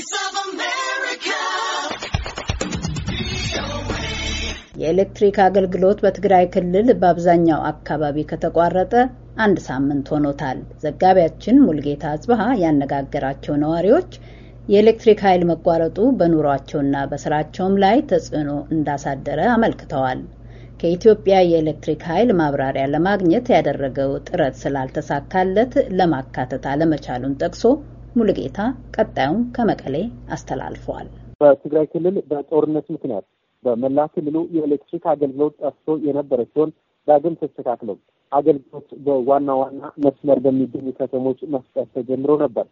Voice of America. የኤሌክትሪክ አገልግሎት በትግራይ ክልል በአብዛኛው አካባቢ ከተቋረጠ አንድ ሳምንት ሆኖታል። ዘጋቢያችን ሙልጌታ አጽብሃ ያነጋገራቸው ነዋሪዎች የኤሌክትሪክ ኃይል መቋረጡ በኑሯቸውና በስራቸውም ላይ ተጽዕኖ እንዳሳደረ አመልክተዋል። ከኢትዮጵያ የኤሌክትሪክ ኃይል ማብራሪያ ለማግኘት ያደረገው ጥረት ስላልተሳካለት ለማካተት አለመቻሉን ጠቅሶ ጌታ ቀጣዩን ከመቀሌ አስተላልፈዋል። በትግራይ ክልል በጦርነት ምክንያት በመላ ክልሉ የኤሌክትሪክ አገልግሎት ጠፍቶ የነበረ ሲሆን ዳግም ተስተካክለው አገልግሎት በዋና ዋና መስመር በሚገኙ ከተሞች መስጠት ተጀምሮ ነበር።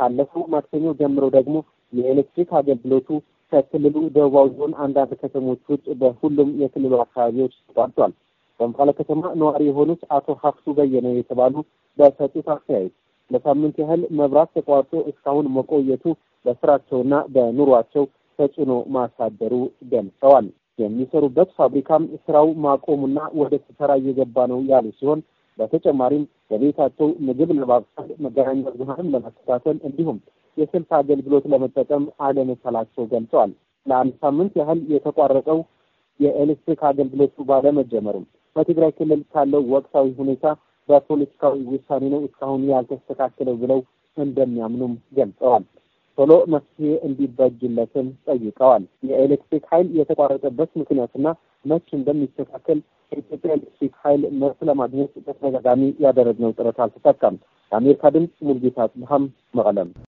ካለፈው ማክሰኞ ጀምሮ ደግሞ የኤሌክትሪክ አገልግሎቱ ከክልሉ ደቡባዊ ዞን አንዳንድ ከተሞች ውጭ በሁሉም የክልሉ አካባቢዎች ተቋርጧል። በመቀለ ከተማ ነዋሪ የሆኑት አቶ ሀፍቱ በየነ የተባሉ በሰጡት አስተያየት ለሳምንት ያህል መብራት ተቋርጦ እስካሁን መቆየቱ በስራቸውና በኑሯቸው ተጽዕኖ ማሳደሩ ገልጸዋል። የሚሰሩበት ፋብሪካም ስራው ማቆሙና ወደ ስሰራ እየገባ ነው ያሉ ሲሆን በተጨማሪም በቤታቸው ምግብ ለማብሰል መገናኛ ብዙኃንን ለመከታተል እንዲሁም የስልክ አገልግሎት ለመጠቀም አለመቻላቸው ገልጸዋል። ለአንድ ሳምንት ያህል የተቋረጠው የኤሌክትሪክ አገልግሎቱ ባለመጀመሩም በትግራይ ክልል ካለው ወቅታዊ ሁኔታ በፖለቲካዊ ውሳኔ ነው እስካሁን ያልተስተካከለው ብለው እንደሚያምኑም ገልጸዋል። ቶሎ መፍትሄ እንዲበጅለትም ጠይቀዋል። የኤሌክትሪክ ኃይል የተቋረጠበት ምክንያትና መች እንደሚስተካከል የኢትዮጵያ ኤሌክትሪክ ኃይል መርት ለማግኘት በተደጋጋሚ ያደረግነው ጥረት አልተሳካም። የአሜሪካ ድምፅ ሙልጌታ ጽብሃም መቀለም